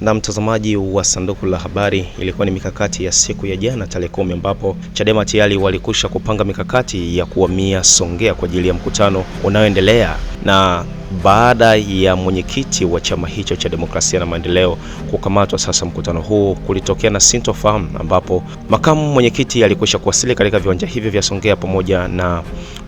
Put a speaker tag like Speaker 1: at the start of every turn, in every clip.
Speaker 1: Na mtazamaji wa sanduku la habari, ilikuwa ni mikakati ya siku ya jana tarehe kumi ambapo Chadema tayari walikusha kupanga mikakati ya kuhamia Songea kwa ajili ya mkutano unaoendelea na baada ya mwenyekiti wa chama hicho cha Demokrasia na Maendeleo kukamatwa. Sasa mkutano huu kulitokea na sintofahamu, ambapo makamu mwenyekiti alikwisha kuwasili katika viwanja hivi vya Songea pamoja na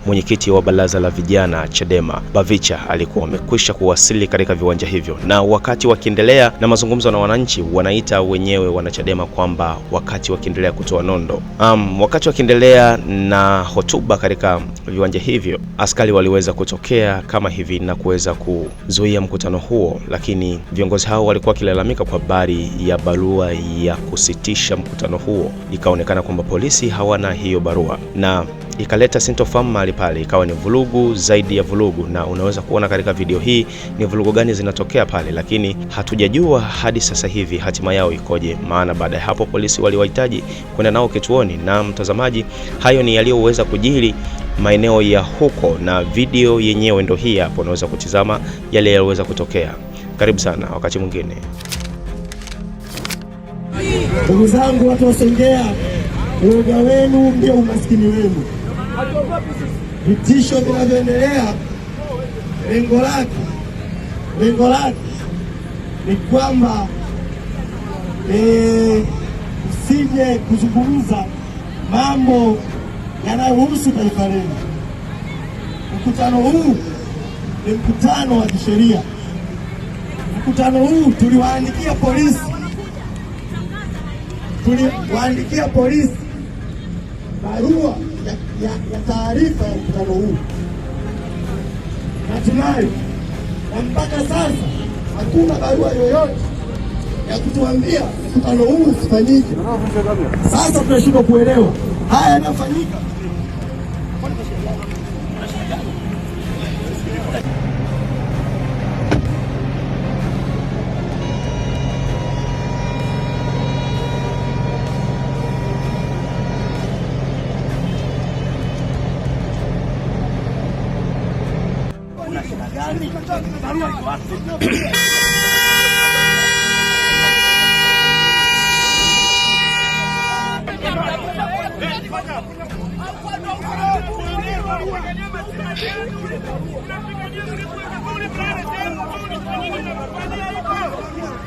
Speaker 1: mwenyekiti wa baraza la vijana Chadema Bavicha alikuwa amekwisha kuwasili katika viwanja hivyo, na wakati wakiendelea na mazungumzo na wananchi, wanaita wenyewe wanachadema kwamba wakati wakiendelea kutoa nondo um, wakati wakiendelea na hotuba katika viwanja hivyo, askari waliweza kutokea kama hivi na ku kuweza kuzuia mkutano huo, lakini viongozi hao walikuwa wakilalamika kwa habari ya barua ya kusitisha mkutano huo. Ikaonekana kwamba polisi hawana hiyo barua na ikaleta sintofahamu mahali pale, ikawa ni vurugu zaidi ya vurugu, na unaweza kuona katika video hii ni vurugu gani zinatokea pale, lakini hatujajua hadi sasa hivi hatima yao ikoje, maana baada ya hapo polisi waliwahitaji kwenda nao kituoni. Na mtazamaji, hayo ni yaliyoweza kujiri maeneo ya huko, na video yenyewe ndo hii hapo, unaweza kutizama yale yaliyoweza kutokea. Karibu sana wakati mwingine,
Speaker 2: ndugu zangu, watu wa Songea, uoga wenu ndio umaskini wenu. Vitisho vinavyoendelea lengo lake lengo lake ni kwamba eh, usije kuzungumza mambo yanayohusu taifa lenu. Mkutano huu ni mkutano wa kisheria. Mkutano huu tuliwaandikia polisi, tuliwaandikia polisi barua ya, ya, ya taarifa ya mkutano huu natumai na mpaka sasa hakuna barua yoyote ya kutuambia mkutano huu usifanyike. Sasa tunashindwa kuelewa haya yanayofanyika g r a k i a s